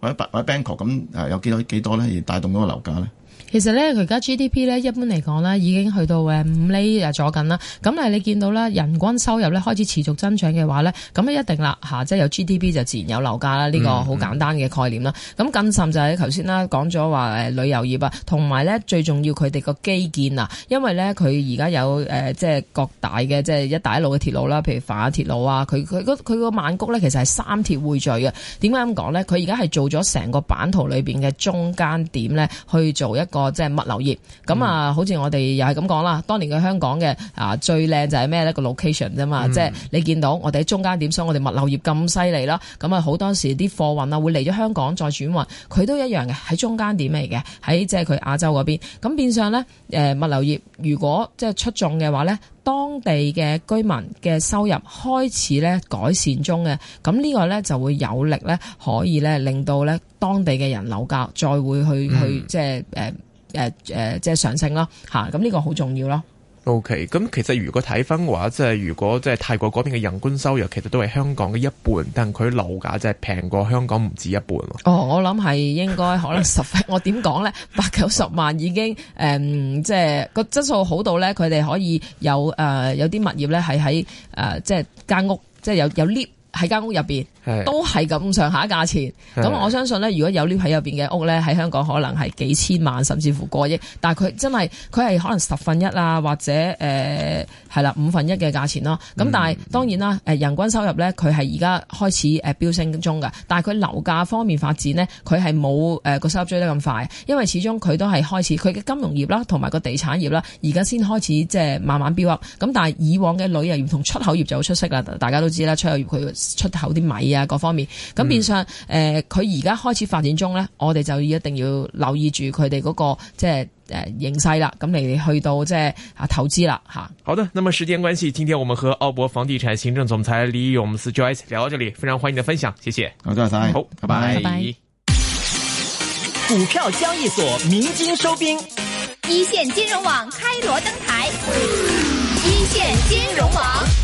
或者或者 Banker、咁有幾多幾多咧，而帶動嗰個樓價咧？其實咧，佢而家 GDP 咧一般嚟講啦已經去到誒五釐啊左近啦。咁但係你見到啦人均收入咧開始持續增長嘅話咧，咁咧一定啦嚇，即係有 GDP 就自然有樓價啦。呢、呢個好簡單嘅概念啦。咁、mm hmm. 更甚就係頭先啦講咗話誒旅遊業啊，同埋咧最重要佢哋個基建啊。因為咧佢而家有即係各大嘅即係一帶一路嘅鐵路啦，譬如泛鐵路啊，佢佢個曼谷咧其實係三鐵匯聚嘅。點解咁講咧？佢而家係做咗成個版圖裏面嘅中間點咧，去做一個。即係物流業咁啊、嗯！好似我哋又係咁講啦，當年嘅香港嘅啊最靚就係咩咧？一個 location 啫嘛，嗯、即係你見到我哋喺中間點，所以我哋物流業咁犀利啦。咁啊，好多時啲貨運啊會嚟咗香港再轉運，佢都一樣嘅，喺中間點嚟嘅，喺即係佢亞洲嗰邊。咁變相呢，誒物流業如果即係出眾嘅話呢，當地嘅居民嘅收入開始咧改善中嘅，咁呢個呢就會有力呢，可以呢令到呢當地嘅人樓價再會去去、嗯、即係誒。呃誒誒、呃呃，即係上升咯，吓，咁呢個好重要咯。OK，咁其實如果睇翻話，即係如果即係泰國嗰邊嘅人均收入，其實都係香港嘅一半，但係佢樓價即係平過香港唔止一半。哦，我諗係應該可能十， 我點講咧？八九十萬已經誒、呃，即係個質素好到咧，佢哋可以有誒、呃、有啲物業咧係喺誒即係間屋，即係有有 lift。喺間屋入邊都係咁上下價錢，咁我相信呢，如果有呢批入邊嘅屋呢，喺香港可能係幾千萬甚至乎過億，但係佢真係佢係可能十分一啊，或者誒係、呃、啦五分一嘅價錢咯。咁、嗯、但係當然啦，誒人均收入呢，佢係而家開始誒飆升中㗎。但係佢樓價方面發展呢，佢係冇誒個收入追得咁快，因為始終佢都係開始，佢嘅金融業啦同埋個地產業啦，而家先開始即係慢慢飆升。咁但係以往嘅旅遊業同出口業就好出色啦，大家都知啦，出口業佢。出口啲米啊，各方面咁變相，誒、嗯，佢而家開始發展中咧，我哋就要一定要留意住佢哋嗰個即係誒形勢啦，咁你哋去到即係、就是、啊投資啦吓。啊、好的，那麼時間關係，今天我們和奧博房地產行政總裁李詠思 Joyce 聊到這裏，非常歡迎你的分享，謝謝，好，拜拜，拜拜。股票交易所明金收兵，一線金融網開鑼登台，一線金融網。